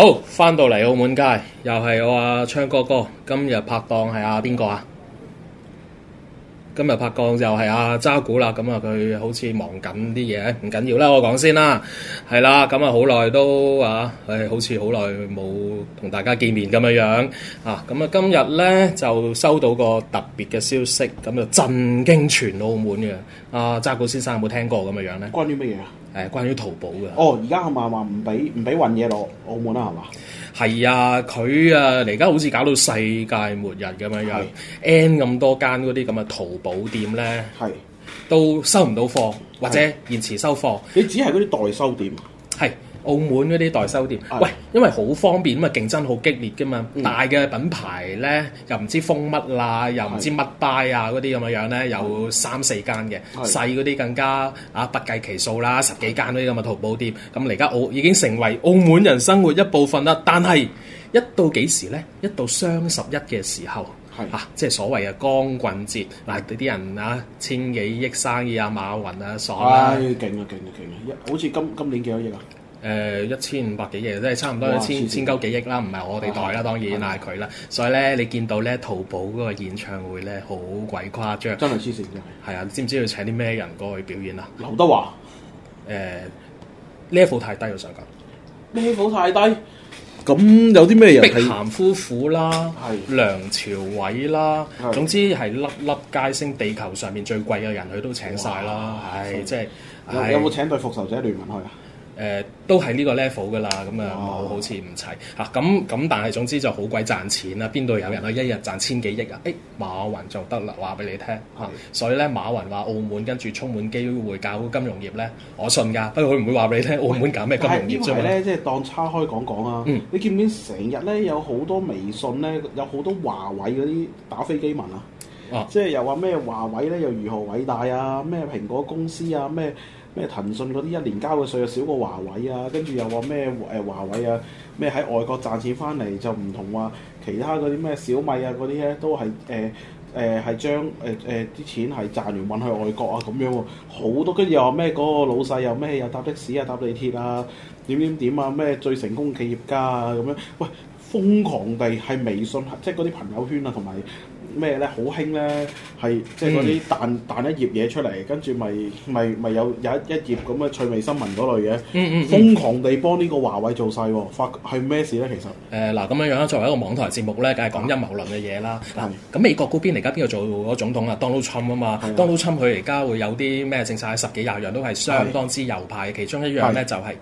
好，返到嚟澳門街，又係我阿、啊、鏘哥哥。今日拍檔係阿邊個啊？今日拍檔就係阿渣古啦。咁啊，佢好似忙緊啲嘢，唔緊要啦。我講先，先啦，係啦。咁啊，好耐都啊，誒，好似好耐冇同大家見面咁樣樣啊。咁啊，今日咧就收到個特別嘅消息，咁就震驚全澳門嘅。阿、啊、渣古先生有冇聽過咁嘅樣咧？關於乜嘢啊？誒，關於淘寶嘅。哦，而家係咪話唔俾唔俾運嘢落澳門啊係嘛？係啊，佢啊嚟家好似搞到世界末日咁樣樣是，N 咁多間嗰啲咁嘅淘寶店咧，係是都收唔到貨，或者是延遲收貨。你只係嗰啲代收店。係。澳門嗰啲代收店，喂，因為好方便咁啊，競爭好激烈嘅嘛，大嘅品牌咧又唔知封乜啦，又唔知乜拜啊嗰啲咁嘅樣咧，有三四間嘅，細嗰啲更加啊不計其數啦，十幾間嗰啲咁嘅淘寶店，咁而家澳已經成為澳門人生活一部分啦。但係一到幾時咧？一到雙十一嘅時候嚇，即係所謂嘅光棍節，嗱啲人啊千幾億生意啊，馬雲啊爽啦，勁啊勁啊勁啊！好似今今年幾多億啊？誒一千五百幾億，即係差唔多千千九幾億啦，唔係我哋袋啦，當然，但係佢啦，所以咧，你見到咧，淘寶嗰個演唱會咧，好鬼誇張，真係黐線，真係係啊！你知唔知要請啲咩人過去表演啊？劉德華誒，呢幅太低我想講，呢幅太低。咁有啲咩人？碧咸夫婦啦，梁朝偉啦，總之係粒粒皆星，地球上面最貴嘅人佢都請晒啦。唉，即係有有冇請對復仇者聯盟去啊？誒、呃、都係呢個 level 㗎啦，咁、哦、啊好似唔齊嚇，咁咁但係總之就好鬼賺錢啦，邊度有，有人啊？一日賺千幾億啊？誒、欸、馬雲就得啦，話俾你聽嚇，啊、是的 所以咧馬雲話澳門跟住充滿機會搞金融業咧，我信㗎，不過佢唔會話俾你聽澳門搞咩金融業啫。以咧即係當叉開講講啊？嗯、你見唔見成日咧有好多微信咧有好多華為嗰啲打飛機文啊？啊即係又話咩華為咧又如何偉大啊？咩蘋果公司啊？咩？咩騰訊嗰啲一年交嘅稅又少過華為啊，跟住又話咩誒華為啊咩喺外國賺錢翻嚟就唔同話、啊、其他嗰啲咩小米啊嗰啲咧都係誒誒係將誒誒啲錢係賺完運去外國啊咁樣喎、啊，好多跟住又話咩嗰個老細又咩又搭的士啊搭地鐵啊點點點啊咩、啊、最成功企業家啊咁樣，喂！瘋狂地係微信，即係嗰啲朋友圈啊，同埋咩咧好興咧，係即係嗰啲彈彈一頁嘢出嚟，跟住咪咪咪有有一頁咁嘅趣味新聞嗰類嘅，瘋狂地幫呢個華為做晒喎，發係咩事咧？其實誒嗱咁樣樣作為一個網台節目咧，梗係講陰謀論嘅嘢啦。嗱咁美國嗰邊而家邊個做咗總統啊？Donald Trump 啊嘛，Donald Trump 佢而家會有啲咩政策十幾廿樣都係相當之右派，其中一樣咧就係。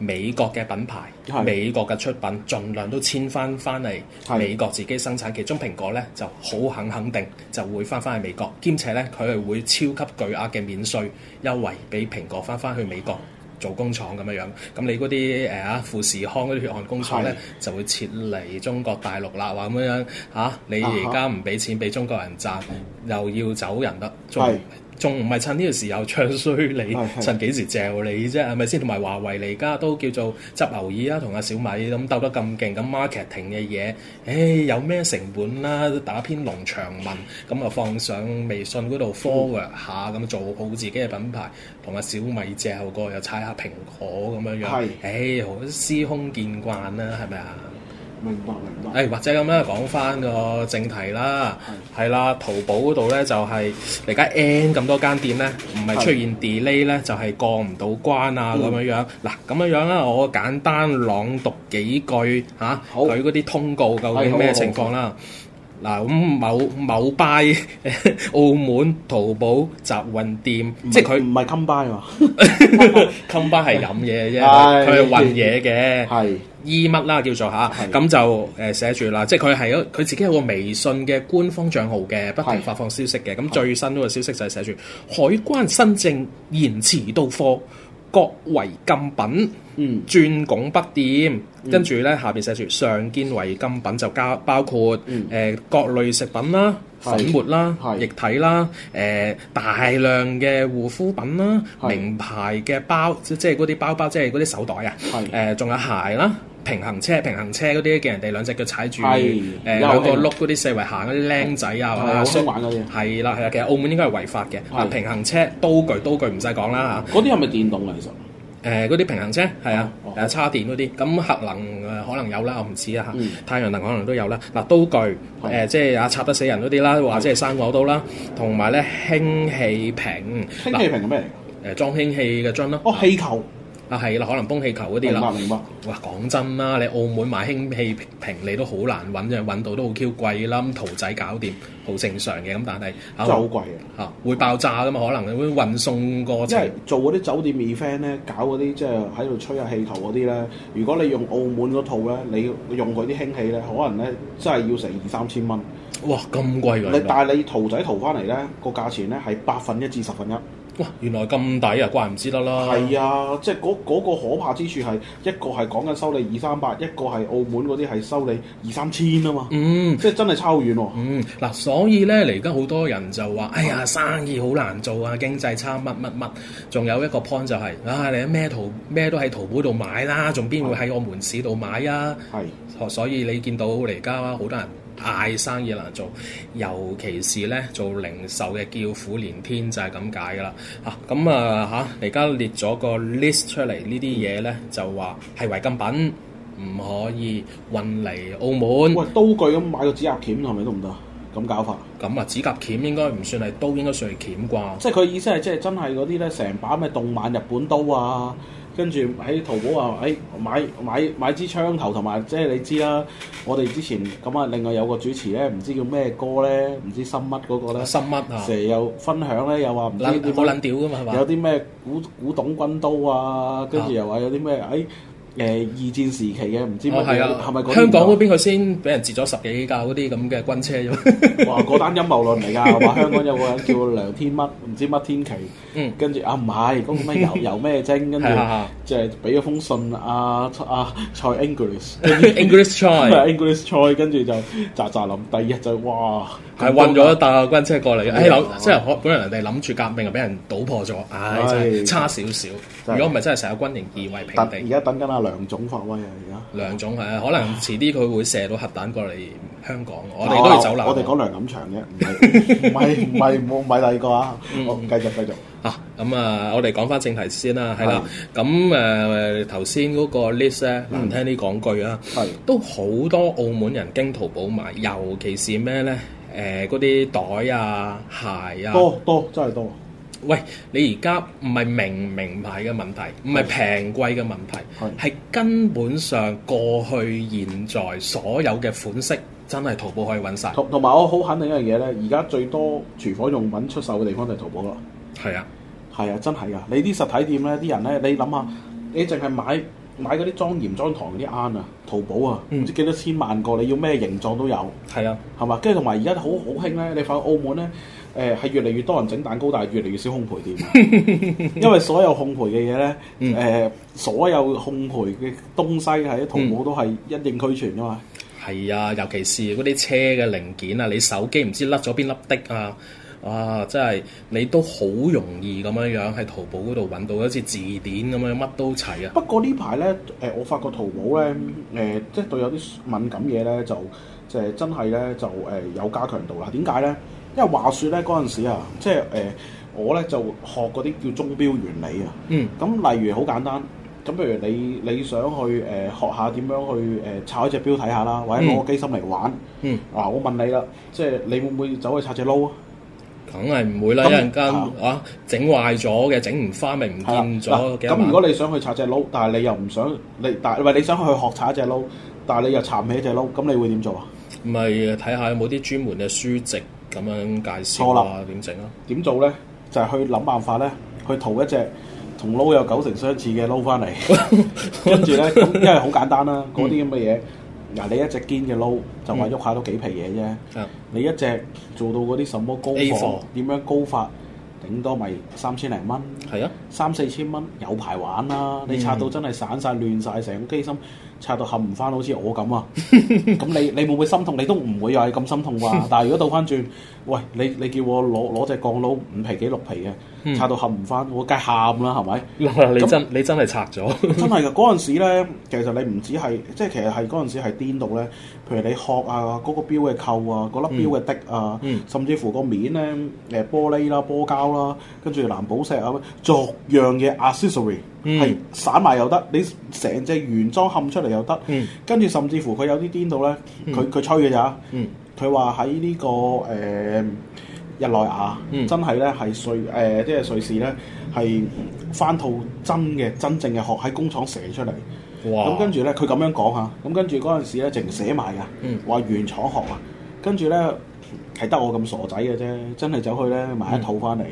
美國嘅品牌、的美國嘅出品，盡量都遷翻翻嚟美國自己生產。的其中蘋果咧就好肯肯定就會翻翻去美國，兼且咧佢係會超級巨額嘅免稅優惠俾蘋果翻翻去美國做工廠咁樣樣。咁你嗰啲誒啊富士康嗰啲血汗工廠咧的就會撤離中國大陸啦，話咁樣嚇、啊、你而家唔俾錢俾中國人賺，的又要走人得。仲～的仲唔係趁呢個時候唱衰你？ 趁幾時借你啫？係咪先？同埋華為你而家都叫做執牛耳啦、啊，同阿小米咁鬥得咁勁，咁 marketing 嘅嘢，誒、哎、有咩成本啦、啊？打篇農場文咁啊，嗯、就放上微信嗰度 forward 下，咁、哦、做好自己嘅品牌，同阿小米借後過又踩下蘋果咁樣樣，誒好是、哎、司空見慣啦，係咪啊？是明白明白。誒，或者咁樣講翻個正題啦，係啦，淘寶嗰度咧就係而家 N 咁多間店咧，唔係出現 delay 咧，就係過唔到關啊咁樣樣。嗱，咁樣樣咧，我簡單朗讀幾句吓佢嗰啲通告究竟咩情況啦。嗱，咁某某 buy 澳門淘寶集運店，即係佢唔係 com buy 嘛 com buy 係飲嘢啫，佢係運嘢嘅，係。衣物啦叫做吓，咁就誒寫住啦，即係佢係一佢自己有個微信嘅官方帳號嘅，不停發放消息嘅。咁最新嗰個消息就係寫住海關新政延遲到貨，各違禁品轉拱北店，跟住咧下邊寫住常見違禁品就交包括誒各類食品啦、粉末啦、液體啦、誒大量嘅護膚品啦、名牌嘅包即係嗰啲包包即係嗰啲手袋啊，誒仲有鞋啦。平衡車、平衡車嗰啲嘅，人哋兩隻腳踩住，誒，兩個碌嗰啲四圍行嗰啲靚仔啊，玩係啦係啦，其實澳門應該係違法嘅。平衡車、刀具、刀具唔使講啦吓。嗰啲係咪電動啊？其實誒，嗰啲平衡車係啊，誒，叉電嗰啲。咁核能誒，可能有啦，我唔知啊。吓。太陽能可能都有啦。嗱，刀具誒，即係啊，插得死人嗰啲啦，或者係生果刀啦，同埋咧氫氣瓶。氫氣瓶係咩嚟？誒，裝氫氣嘅樽咯。哦，氣球。啊係啦、啊，可能風氣球嗰啲啦，哇講、嗯嗯嗯嗯、真啦，你澳門買氫氣瓶你都好難揾啫，揾到都好 Q 貴啦，咁、啊、淘仔搞掂，好正常嘅咁，但係真係好貴啊嚇，啊會爆炸噶嘛，可能會運送過即因做嗰啲酒店 event 咧，搞嗰啲即係喺度吹下氣球嗰啲咧，如果你用澳門嗰套咧，你用佢啲氫氣咧，可能咧真係要成二三千蚊。哇咁貴㗎、啊！你但係你淘仔淘翻嚟咧，個價錢咧係八分一至十分一。原來咁抵啊！怪唔知得啦。係啊，即係嗰、嗰個可怕之處係一個係講緊收你二三百，一個係澳門嗰啲係收你二三千啊嘛。嗯，即係真係差好遠喎。嗯，嗱、啊，所以咧嚟而家好多人就話：哎呀，生意好難做啊，經濟差乜乜乜。仲有一個 point 就係、是、啊，你咩淘咩都喺淘寶度買啦，仲邊會喺我門市度買啊？係是。所以你見到嚟家好多人嗌生意難做，尤其是咧做零售嘅叫苦連天就，就係咁解噶啦。嚇咁啊嚇！而家列咗個 list 出嚟，呢啲嘢咧就話係違禁品，唔可以運嚟澳門。喂，刀具咁買個指甲鉗係咪都唔得啊？咁搞法？咁啊，指甲鉗應該唔算係刀，應該算係鉗啩。即係佢意思係即係真係嗰啲咧，成把咩動漫日本刀啊？跟住喺淘寶、哎、啊，誒買買買支槍頭，同埋即係你知啦，我哋之前咁啊，另外有個主持咧，唔知叫咩哥咧，唔知新乜嗰個咧，新乜啊，成日、嗯、又分享咧，又話唔知冇撚屌噶嘛，有啲咩古古董軍刀啊，跟住又話有啲咩誒。誒，二戰時期嘅唔知係咪、哦啊、香港嗰邊佢先俾人截咗十幾架嗰啲咁嘅軍車咗？話嗰單陰謀論嚟㗎，話 香港有個人叫梁天乜，唔知乜天奇，跟住、嗯、啊唔係嗰個咩油油咩精，跟住 就係俾咗封信啊啊蔡 English English Choi，唔係 English Choi，跟住就咋咋諗，第二日就哇。係運咗一大軍車過嚟，哎呀！即係我本來人哋諗住革命，俾人倒破咗，唉，真係差少少。如果唔係真係成日軍營夷為平地，而家等緊阿梁總發威啊！而家梁總係啊，可能遲啲佢會射到核彈過嚟香港。我哋都要走樓。我哋講梁錦祥啫，唔係唔係冇冇第二個啊！我唔繼續繼續嚇咁啊！我哋講翻正題先啦，係啦。咁誒頭先嗰個 list 難聽啲講句啊，係都好多澳門人經淘寶買，尤其是咩咧？誒嗰啲袋啊、鞋啊，多多真係多。多多喂，你而家唔係名唔名牌嘅問題，唔係平貴嘅問題，係的根本上過去現在所有嘅款式真係淘寶可以揾晒。同同埋我好肯定一樣嘢咧，而家最多廚房用品出售嘅地方就係淘寶啦。係啊的，係啊，真係啊！你啲實體店咧，啲人咧，你諗下，你淨係買。買嗰啲裝鹽裝糖啲啱啊，淘寶啊，唔知幾多千萬個，你、嗯、要咩形狀都有。係是啊，係嘛？跟住同埋而家好好興咧，你翻澳門咧，誒、呃、係越嚟越多人整蛋糕，但係越嚟越少烘焙店， 因為所有烘焙嘅嘢咧，誒、嗯呃、所有烘焙嘅東西喺淘寶都係一應俱全啊嘛。係啊，尤其是嗰啲車嘅零件啊，你手機唔知甩咗邊粒的啊！啊，真係你都好容易咁樣樣喺淘寶嗰度揾到，好似字典咁樣乜都齊啊！不過呢排咧，誒我發覺淘寶咧，誒即係對有啲敏感嘢咧，就即係真係咧就誒有加強度啦。點解咧？因為話說咧嗰陣時啊，即係誒我咧就學嗰啲叫鐘錶原理啊、嗯嗯。嗯。咁例如好簡單，咁譬如你你想去誒學下點樣去誒拆一隻錶睇下啦，或者攞個機芯嚟玩。嗯。啊！我問你啦，即係你會唔會走去拆隻撈？梗係唔會啦樣！一陣間啊整壞咗嘅，整唔翻明唔見咗。咁、啊、如果你想去拆隻撈，但係你又唔想你，但唔係你想去學拆一隻撈，但係你又殘唔起一隻撈，咁你會點做啊？唔係睇下有冇啲專門嘅書籍咁樣介紹啊？點整了啊？點做咧？就係、是、去諗辦法咧，去淘一隻同撈有九成相似嘅撈翻嚟，跟住咧因為好簡單啦，嗰啲咁嘅嘢。嗱，你一隻堅嘅撈、嗯、就話喐下都幾皮嘢啫。嗯、你一只做到嗰啲什麼高法，點 A 4. 樣高法？頂多咪三千零蚊，係啊，三四千蚊有排玩啦、啊！嗯、你拆到真係散晒、亂晒成個機芯拆到冚唔翻，好似我咁啊！咁 你你會唔會心痛？你都唔會又係咁心痛啩？但係如果倒翻轉， 喂，你你叫我攞攞隻鋼佬五皮幾六皮嘅，拆到冚唔翻，我梗係喊啦，係咪？嗯、那你真那你真係拆咗？ 真係噶！嗰陣時咧，其實你唔止係，即係其實係嗰陣時係顛到咧。譬如你殼啊，嗰、那個錶嘅扣啊，嗰、那、粒、個、錶嘅滴啊，甚至乎個面咧，誒玻璃啦，玻，玻，玻膠。啦，跟住藍寶石啊，逐樣嘅 accessory 係、嗯、散埋又得，你成隻原裝冚出嚟又得，嗯、跟住甚至乎佢有啲癲到咧，佢佢、嗯、吹嘅咋，佢話喺呢個誒、呃、日內瓦，嗯、真係咧係瑞誒即係瑞士咧係、呃就是、翻套真嘅真正嘅殼喺工廠寫出嚟，咁哇跟住咧佢咁樣講嚇，咁跟住嗰陣時咧淨寫埋噶，話原廠殼啊，跟住咧。係得我咁傻仔嘅啫，真係走去咧買一套翻嚟，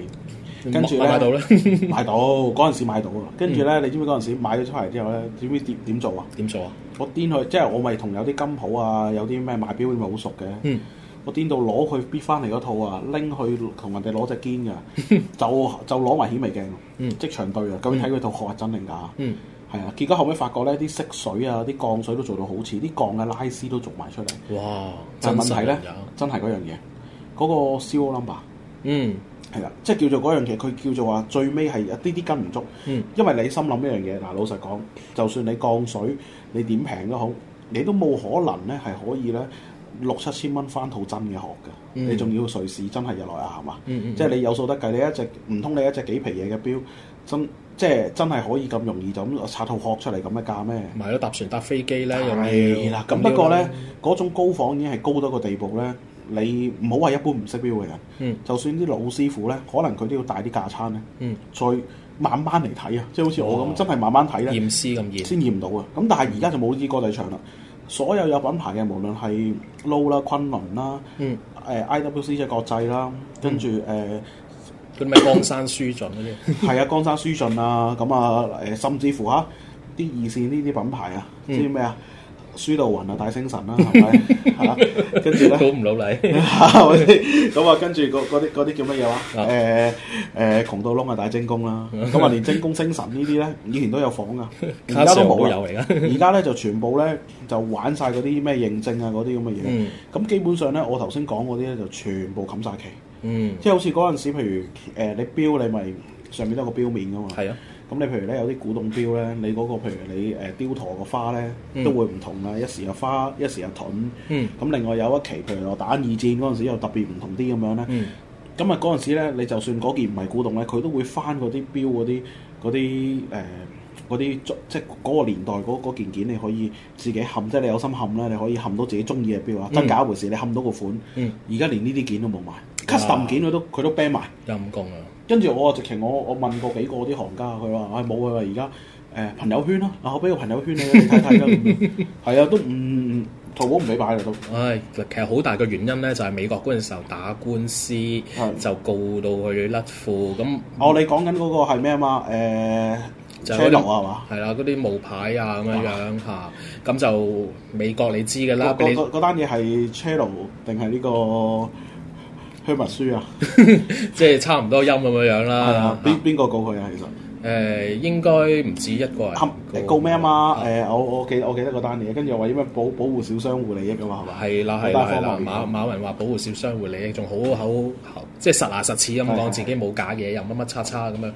嗯、跟住咧買到咧， 買到嗰陣時買到啊！跟住咧，嗯、你知唔知嗰陣時買咗出嚟之後咧，點點做，做啊？點做啊？我癲去，即係我咪同有啲金鋪啊，有啲咩賣錶咪好熟嘅。嗯，我癲到攞佢搣翻嚟嗰套啊，拎去同人哋攞隻肩噶、嗯， 就就攞埋顯微鏡，嗯、即場對啊，究竟睇佢套殼係真定假？嗯。係啊，結果後尾發覺咧，啲色水啊，啲鋼水都做到好似，啲鋼嘅拉絲都做埋出嚟。哇！但係問題咧，真係嗰樣嘢，嗰個燒 number。嗯，係啦、嗯，即係叫做嗰樣嘢，佢叫做話最尾係一啲啲跟唔足。嗯、因為你心諗一樣嘢，嗱老實講，就算你鋼水，你點平都好，你都冇可能咧係可以咧六七千蚊翻套真嘅殼㗎。嗯、你仲要瑞士真係入來亞嘛？嗯，即係你有數得計，你一隻唔通你，你一隻幾皮嘢嘅表真？即係真係可以咁容易就咁拆套殼出嚟咁嘅價咩？唔係咯，搭船搭飛機咧，咁不過咧，嗰種高仿已經係高到個地步咧。你唔好話一般唔識錶嘅人，嗯，就算啲老師傅咧，可能佢都要帶啲架撐咧，嗯，再慢慢嚟睇啊，即係好似我咁，真係慢慢睇啦，驗屍咁驗先驗到啊。咁但係而家就冇呢啲國際場啦，所有有品牌嘅，無論係勞啦、昆侖啦，嗯，誒 IWC 即係國際啦，跟住誒。叫咩？ 江山書進嗰啲，係啊，江山書進啊，咁啊，誒，甚至乎嚇啲、啊、二線呢啲品牌啊，即係咩啊，嗯、書道雲啊，大星辰啦，係咪？跟住咧，好唔老禮，咁啊，跟住嗰啲啲叫乜嘢話？誒誒，窮到窿啊，大精工啦、啊，咁 啊，連精工、星辰呢啲咧，以前都有房噶，而家 都冇啦，而家咧就全部咧就玩晒嗰啲咩認證啊，嗰啲咁嘅嘢，咁 基本上咧，我頭先講嗰啲咧就全部冚晒旗。嗯，即係好似嗰陣時，譬如誒、呃，你表你咪上面都有個表面噶嘛。係啊，咁你譬如咧有啲古董表咧，你嗰個譬如你誒雕、呃、陀個花咧，嗯、都會唔同啊。一時有花，一時有盾。咁、嗯、另外有一期譬如話打二戰嗰陣時又特別唔同啲咁樣咧。咁啊嗰陣時咧，你就算嗰件唔係古董咧，佢都會翻嗰啲表嗰啲嗰啲誒啲即係嗰個年代嗰件件你可以自己冚，即、就、係、是、你有心冚咧，你可以冚到自己中意嘅表啊。真假一回事，你冚到個款。而家連呢啲件都冇賣。Custom 件佢都佢都啤埋，陰公啊！跟住我啊，直情我我問過幾個啲行家，佢話，唉冇啊！而家誒朋友圈咯，我俾個朋友圈你睇睇咯。係啊，都唔淘寶唔俾擺啦都。唉，其實好大嘅原因咧，就係美國嗰陣時候打官司就告到佢甩褲咁。哦，你講緊嗰個係咩啊？嘛誒，車路啊嘛，係啦，啲冒牌啊咁樣嚇，咁就美國你知嘅啦。嗰嗰單嘢係車路定係呢個？開密書啊，即係差唔多音咁樣樣啦。邊邊個告佢啊？其實誒、啊，應該唔止一個人、啊。你告咩啊嘛？誒、啊啊，我我記我記得嗰單嘢，跟住話因為保保護小商戶利益噶嘛，係嘛？係啦，係啦，馬馬雲話保護小商戶利益，仲好口即係實牙實齒咁講自己冇假嘢，又乜乜叉叉咁樣。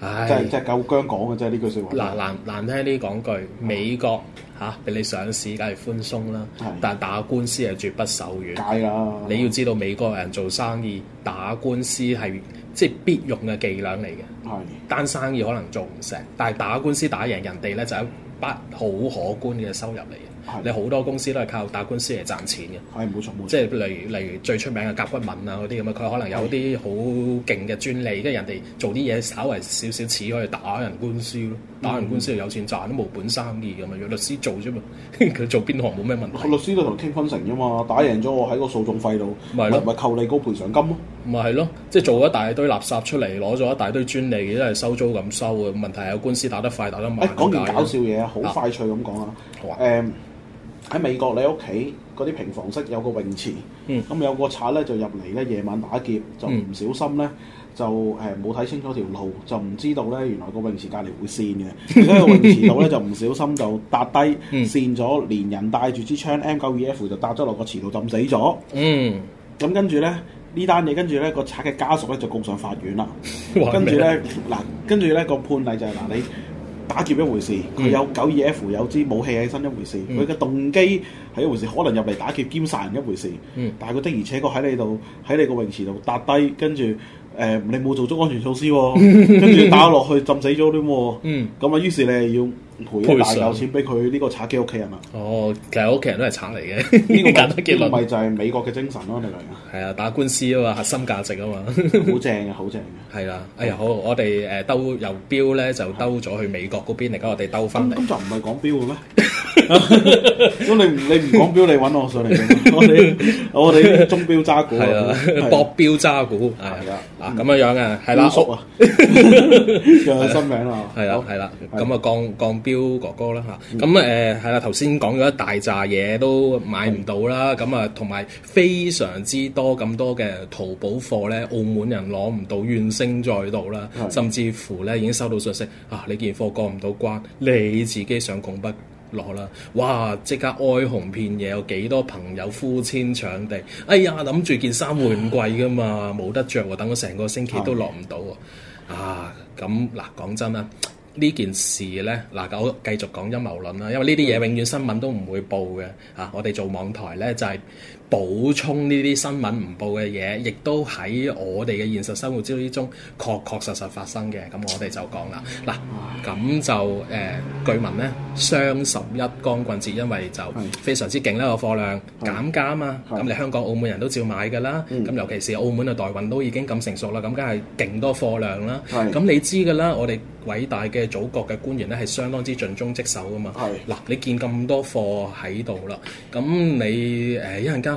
真係真係夠薑講嘅，即係呢句説話。難難難聽啲講句，嗯、美國嚇俾、啊、你上市梗係寬鬆啦，是但係打官司係絕不手軟。梗啦了，你要知道美國人做生意打官司係即係必用嘅伎倆嚟嘅。係是單生意可能做唔成，但係打官司打贏人哋咧，就係一筆好可觀嘅收入嚟。你好多公司都係靠打官司嚟賺錢嘅，係冇錯冇錯。即係例如例如最出名嘅甲骨文啊嗰啲咁啊，佢可能有啲好勁嘅專利，跟住的人哋做啲嘢稍為少少似，可以打人官司咯。打人官司就有錢賺，都冇本生意咁啊，由律師做啫嘛。佢 做邊行冇咩問題？律師都同佢傾分成啫嘛，打贏咗我喺個訴訟費度，咪咪扣你個賠償金咯。咪係咯，即、就、係、是、做咗一大堆垃圾出嚟，攞咗一大堆專利，都係收租咁收啊。問題係官司打得快，打得慢。誒、哎，講完搞笑嘢，好、嗯、快脆咁講啊！Um, 好啊，喺美國你屋企嗰啲平房式有個泳池，咁有個賊咧就入嚟咧夜晚打劫，就唔小心咧就誒冇睇清楚條路，就唔知道咧原來個泳池隔籬會跣嘅， 所以個泳池度咧就唔小心就搭低跣咗，連人帶住支槍 M 九二 F 就搭咗落個池度浸死咗。 嗯，咁跟住咧呢單嘢，跟住咧個賊嘅家屬咧就告上法院啦 麼。跟住咧嗱，跟住咧個判例就係、是、嗱你。打劫一回事，佢有九二 F 有支武器起身一回事，佢嘅、嗯、動機係一回事，可能入嚟打劫兼殺人一回事。嗯，但係佢的而且確喺你度喺你個泳池度搭低，跟住誒、呃、你冇做足安全措施、哦， 跟住打落去浸死咗添、哦，嗯，咁啊，於是你係要。賠大有錢俾佢呢個賊嘅屋企人啊！哦，其實屋企人都係賊嚟嘅，呢個簡單結論咪就係美國嘅精神咯、啊，你嚟啊！係啊，打官司啊嘛，核心價值 啊嘛，好正啊，好正嘅。係啦，哎呀，好，我哋誒兜由標咧就兜咗去美國嗰邊嚟，我哋兜翻嚟。咁就唔係講標嘅咩？咁、嗯嗯、 你你唔講標，你揾我上嚟，我哋我哋鐘表揸股，係啊，搏表揸股係啦。嗱咁樣樣嘅係啦，叔啊，又有新名啊。係啊。係啦，咁啊，講講。表哥哥啦吓，咁誒係啦，頭先講咗一大扎嘢都買唔到啦，咁啊同埋非常之多咁多嘅淘寶貨咧，澳門人攞唔到，怨聲載道啦，嗯、甚至乎咧已經收到信息啊，你件貨過唔到關，你自己想拱北攞啦，哇！即刻哀鴻遍野，有幾多朋友呼天搶地？哎呀，諗住件衫會唔貴噶嘛，冇、嗯、得着喎，等咗成個星期都落唔到、嗯、啊！咁嗱，講真啊～呢件事呢，嗱，我繼續講陰謀論啦，因為呢啲嘢永遠新聞都唔會報嘅，嚇，我哋做網台呢，就係、是。補充呢啲新聞唔報嘅嘢，亦都喺我哋嘅現實生活之中確確實實發生嘅，咁我哋就講啦。嗱，咁就誒、呃、據聞呢，雙十一光棍節因為就非常之勁咧，呢個貨量減價啊嘛，咁是你香港澳門人都照買㗎啦。咁是尤其是澳門嘅代運都已經咁成熟啦，咁梗係勁多貨量啦。咁是你知㗎啦，我哋偉大嘅祖國嘅官員咧係相當之盡忠職守㗎嘛。嗱是，你見咁多貨喺度啦，咁你誒一陣間。欸欸欸欸欸欸欸欸咁、啊、多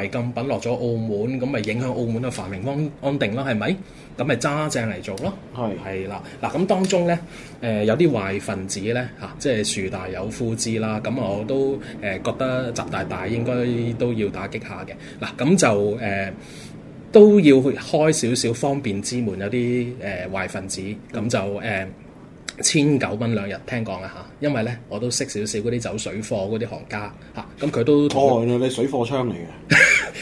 違禁品落咗澳門，咁咪影響澳門嘅繁榮安安定咯，係咪？咁咪揸正嚟做咯。係係啦，嗱咁、啊、當中咧，誒、呃、有啲壞分子咧嚇、啊，即係樹大有枯枝啦。咁、啊、我都誒覺得習大大應該都要打擊下嘅。嗱、啊、咁就誒、啊、都要開少少方便之門，有啲誒、啊、壞分子咁、啊嗯、就誒。啊千九蚊兩日，聽講啊。吓，因為咧我都識少少嗰啲走水貨嗰啲行家吓，咁佢都錯啦，你水貨鏘嚟嘅，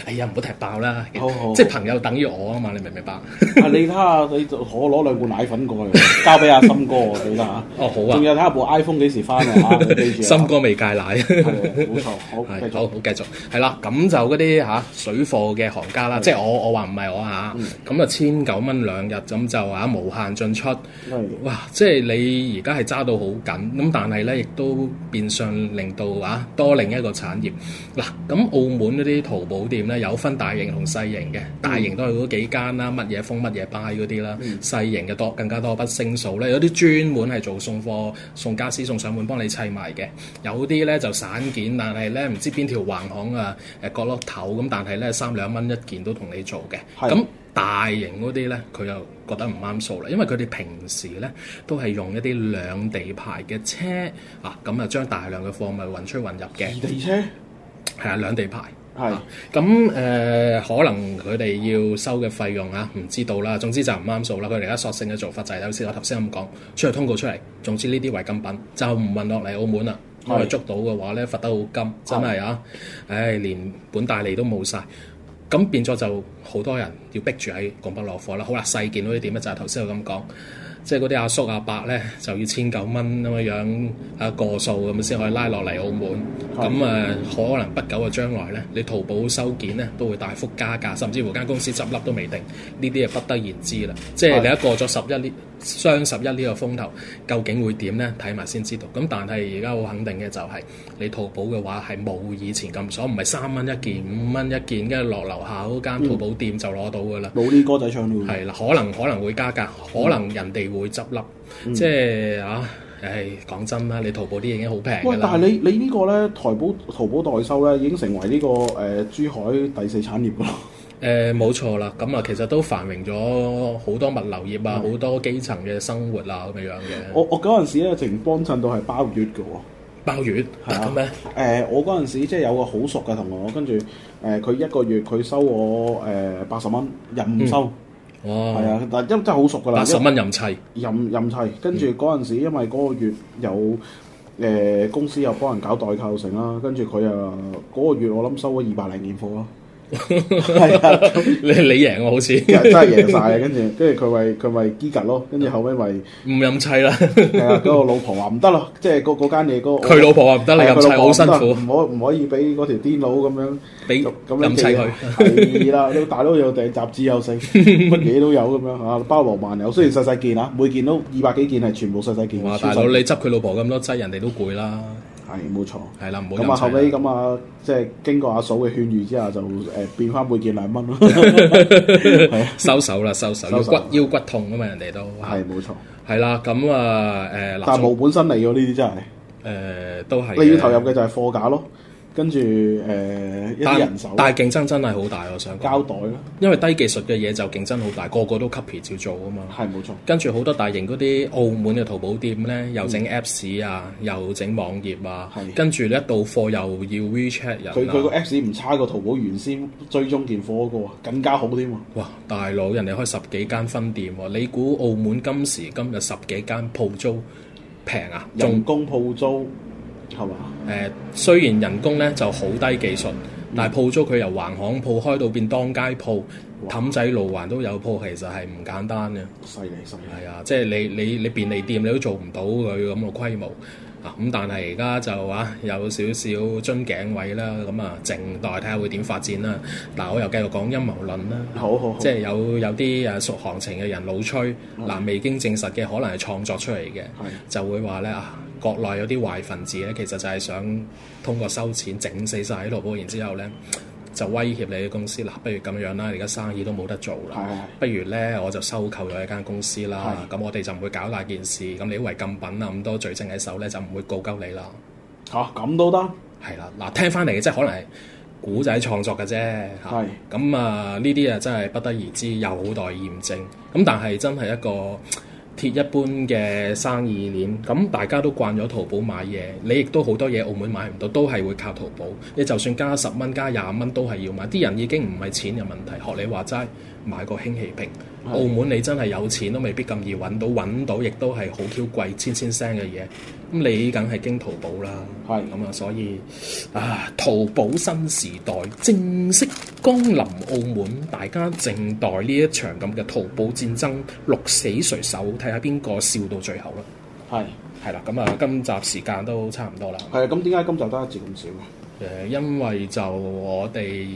哎呀唔好踢爆啦，好好，即係朋友等於我啊嘛，你明唔明白？啊你睇下你我攞兩罐奶粉過嚟，交俾阿森哥我你睇下，哦好啊，仲有睇下部 iPhone 幾時翻嚟，森哥未戒奶，冇錯，好繼續，好繼續，係啦，咁就嗰啲吓水貨嘅行家啦，即係我我話唔係我吓，咁啊千九蚊兩日，咁就話無限進出，哇，即係你。你而家係揸到好緊，咁但係咧亦都變相令到啊多另一個產業。嗱、啊，咁澳門嗰啲淘寶店咧有分大型同細型嘅，大型都係嗰幾間啦，乜嘢風乜嘢 Buy 嗰啲啦，細、嗯、型嘅多更加多不勝數咧。有啲專門係做送貨、送家私、送上門幫你砌埋嘅，有啲咧就散件，但係咧唔知邊條橫巷啊誒、呃、角落頭咁，但係咧三兩蚊一件都同你做嘅，咁是。大型嗰啲咧，佢又覺得唔啱數啦，因為佢哋平時咧都係用一啲兩地牌嘅車啊，咁啊將大量嘅貨物運出運入嘅。二地車係啊，兩地牌係。咁誒的、啊呃，可能佢哋要收嘅費用啊，唔知道啦。總之就唔啱數啦。佢哋而家索性嘅做法就係，好似我頭先咁講，出嚟通告出嚟。總之呢啲違禁品，就唔運落嚟澳門啦。的我哋捉到嘅話咧，罰得好金真係啊！唉的、哎，連本帶利都冇晒。咁變咗就好多人要逼住喺拱北落貨啦。好啦，細件嗰啲點咧？就係頭先我咁講，即係嗰啲阿叔阿伯咧，就要千九蚊咁樣啊過數咁先可以拉落嚟澳門。咁誒的、啊，可能不久嘅將來咧，你淘寶收件咧都會大幅加價，甚至乎間公司執笠都未定，呢啲誒不得而知啦。的即係你一過咗十一呢？雙十一呢個風頭究竟會點呢？睇埋先知道。咁但係而家好肯定嘅就係、是、你淘寶嘅話係冇以前咁爽，唔係三蚊一件、五蚊一件，跟住落樓下嗰間淘寶店就攞到㗎喇。冇啲歌仔唱咯。係啦，可能可能會加價，可能人哋會執笠。嗯、即係啊，誒、哎、講真啦，你淘寶啲嘢已經好平。喂，但係你你呢個呢，淘寶淘寶代收呢，已經成為呢、這個誒、呃、珠海第四產業。誒，冇錯啦，咁啊，其實都繁榮咗好多物流業啊，好多基層嘅生活啊，咁樣樣嘅。我我嗰陣時咧，直情幫襯到係包月噶喎，包月係啊，誒，我嗰陣時即係有個好熟嘅同學，跟住誒，佢一個月佢收我誒八十蚊任收，哇，係啊，但因真真係好熟噶啦，八十蚊任砌，任任砌，跟住嗰陣時因為嗰個月有誒公司又幫人搞代購成啦，跟住佢啊嗰個月我諗收咗二百零件貨咯。係啊，你你贏我好似，真係贏晒啊！跟住，跟住佢咪佢咪機夾咯，跟住後尾咪唔任砌啦。係啊，嗰個老婆話唔得咯，即係嗰嗰間嘢嗰。佢老婆話唔得你任砌，好辛苦。唔可唔可以俾嗰條癲佬咁樣，俾咁任砌佢。係啦，你大佬有啲雜誌有剩，乜嘢都有咁樣吓，包羅萬有。雖然細細件啊，每件都二百幾件係全部細細件。大佬你執佢老婆咁多妻，人哋都攰啦。係冇錯，係啦，咁啊的麼後尾咁啊，即係、就是、經過阿嫂嘅勸喻之下，就誒、呃、變翻每件兩蚊咯， 收手啦，收手，收手腰骨腰骨痛啊嘛，人哋都係冇錯，係啦的，咁啊誒，但係冇本身嚟嘅呢啲真係，誒、呃、都係你要投入嘅就係貨架咯。跟住誒、呃，但係競爭真係好大，我想交代咯。因為低技術嘅嘢就競爭好大，個個都 copy 照做啊嘛。係冇錯。錯跟住好多大型嗰啲澳門嘅淘寶店咧，又整 Apps 啊，又整網頁啊。係。跟住咧，到貨又要 WeChat 人，啊。佢佢 Apps 唔差過淘寶原先追蹤件貨嗰個，更加好添喎。哇！大佬，人哋開十幾間分店喎，你估澳門今時今日十幾間鋪租平啊？人工鋪租。係嘛？誒，雖然人工咧就好低技術，嗯、但係鋪租佢由橫巷鋪開到變當街鋪，氹仔路環都有鋪，其實係唔簡單嘅。犀利，犀利。係啊，即、就、係、是、你你你便利店你都做唔到佢咁嘅規模啊！咁但係而家就啊有少少樽頸位啦，咁啊靜待睇下看看會點發展啦。嗱、啊，我又繼續講陰謀論啦。好好，即係有有啲誒熟行情嘅人老吹嗱、嗯啊，未經證實嘅可能係創作出嚟嘅的，就會話咧啊。國內有啲壞分子咧，其實就係想通過收錢整死曬喺度，然之後咧就威脅你嘅公司。嗱、啊，不如咁樣啦，而家生意都冇得做啦。是的 不如咧，我就收購咗一間公司啦。咁是的 我哋就唔會搞大件事。咁你啲違禁品啊咁多罪證喺手咧，就唔會告鳩你啦。嚇、啊，咁都得？係啦，嗱、啊，聽翻嚟嘅即係可能係古仔創作嘅啫。係。咁啊，呢啲啊真係不得而知，有待驗證。咁但係真係一個。鐵一般嘅生意鏈，咁大家都慣咗淘寶買嘢，你亦都好多嘢澳門買唔到，都係會靠淘寶。你就算加十蚊、加廿蚊都係要買，啲人已經唔係錢嘅問題。學你話齋，買個氫氣瓶。澳門你真係有錢都未必咁易揾到，揾到亦都係好 Q 貴，千千聲嘅嘢。咁你梗係經淘寶啦，咁啊是，所以啊，淘寶新時代正式光臨澳門，大家靜待呢一場咁嘅淘寶戰爭，鹿死誰手，睇下邊個笑到最後啦。係係啦，咁啊，今集時間都差唔多啦。係啊，咁點解今集得一節咁少？誒、呃，因為就我哋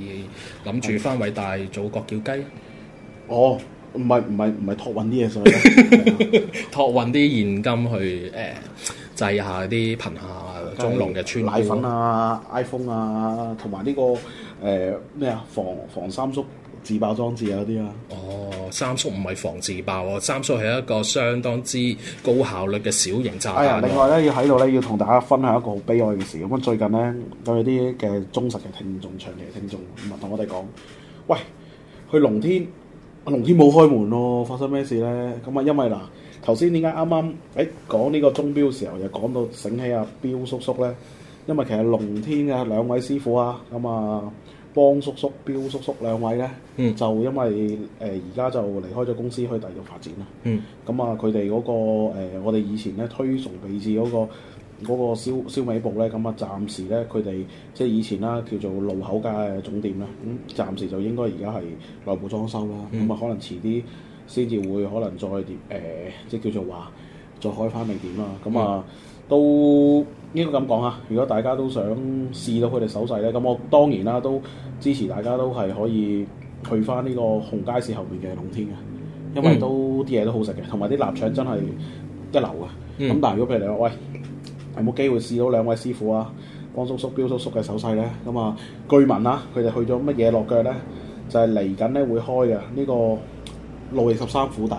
諗住翻偉大祖國叫雞。嗯、哦。唔係唔係唔係託運啲嘢上去，託運啲現金去誒，濟、呃、下啲貧下中農嘅村奶粉啊、iPhone 啊，同埋呢個誒咩啊防防三叔自爆裝置啊嗰啲啊。哦，三叔唔係防自爆喎、啊，三叔係一個相當之高效率嘅小型炸彈啊。啊、哎，另外咧要喺度咧要同大家分享一個好悲哀嘅事咁啊，最近咧有啲嘅忠實嘅聽眾、長期嘅聽眾，唔係同我哋講，喂，去龍天，啊、龍天冇開門咯、啊，發生咩事咧？咁啊，因為嗱，頭先點解啱啱喺講呢個鐘錶嘅時候，又講到醒起阿、啊、彪叔叔咧？因為其實龍天嘅兩位師傅啊，咁啊，邦叔叔、彪叔叔兩位咧，嗯、就因為誒而家就離開咗公司，去第二度發展啦。咁啊、嗯，佢哋嗰個、呃、我哋以前咧推崇備至嗰個。嗰個燒燒味部咧，咁、嗯、啊暫時咧佢哋即係以前啦，叫做路口街嘅總店啦。咁、嗯、暫時就應該而家係內部裝修啦。咁啊、嗯、可能遲啲先至會可能再點、呃、即係叫做話再開翻定點啦。咁、嗯、啊、嗯嗯哦、都應該咁講啊。如果大家都想試到佢哋手勢咧，咁我當然啦都支持大家都係可以去翻呢個紅街市後面嘅農天嘅，因為都啲嘢、嗯、都好食嘅，同埋啲臘腸真係一流啊。咁、嗯嗯、但係如果譬如你話喂～有冇機會試到兩位師傅啊？江叔叔、標叔叔嘅手勢咧，咁啊，據聞啦，佢哋去咗乜嘢落腳咧，就係嚟緊咧會開嘅呢、呢個路易十三府邸。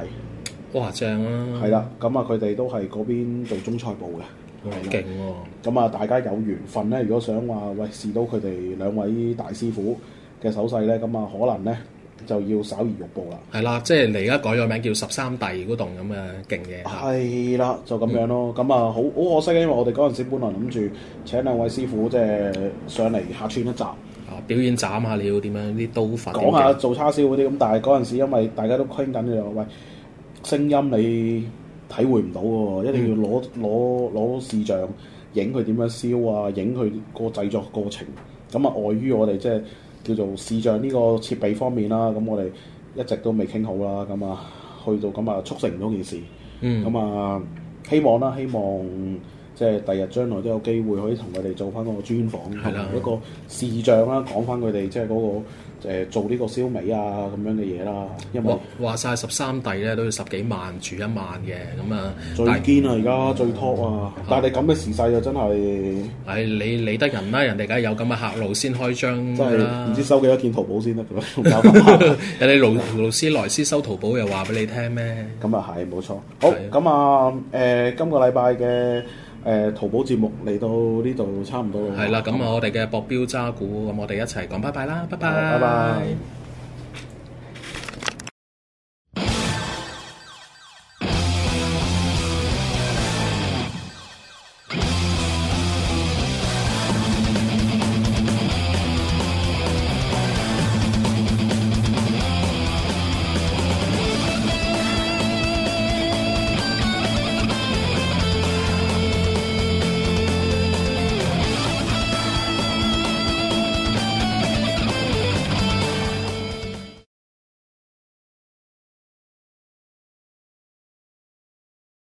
哇！正啊！係啦，咁啊，佢哋都係嗰邊做中菜部嘅，勁喎、嗯！咁的啊，大家有緣分咧，如果想話喂試到佢哋兩位大師傅嘅手勢咧，咁啊，可能咧。就要稍而欲步啦。係啦，即係你而家改咗名叫十三弟嗰棟咁嘅勁嘢。係啦，就咁樣咯。咁啊、嗯，好好可惜呀，因為我哋嗰陣時本來諗住請兩位師傅即係、就是、上嚟客串一集、啊，表演斬下你要點樣啲刀法。講下做叉燒嗰啲咁，但係嗰陣時因為大家都傾緊嘅，喂，聲音你體會唔到喎，一定要攞攞攞視像影佢點樣燒啊，影佢個製作過程。咁啊，礙於我哋即係。就是叫做視像呢個設備方面啦，咁我哋一直都未傾好啦，咁啊去到咁啊促成唔到件事，咁、嗯、啊希望啦，希望即係第日將來都有機會可以同佢哋做翻嗰個專訪，嗯、一個視像啦、啊，講翻佢哋即係嗰個。誒做呢個燒味啊咁樣嘅嘢啦，一話話曬十三弟咧都要十幾萬住一晚嘅咁啊，最堅啊而家最 top 啊！但係你咁嘅時勢又真係，係理、哎、理得人啦，人哋梗係有咁嘅客路先開張啦、啊，唔知收幾多件淘寶先得㗎？人哋勞勞斯萊斯收淘寶又話俾你聽咩？咁啊係冇錯，好咁啊誒今個禮拜嘅。誒、呃、淘寶節目嚟到呢度差唔多啦，係啦了，咁、嗯、我哋嘅搏錶渣古，咁、嗯、我哋一齊講拜拜啦，拜拜，拜拜。拜拜。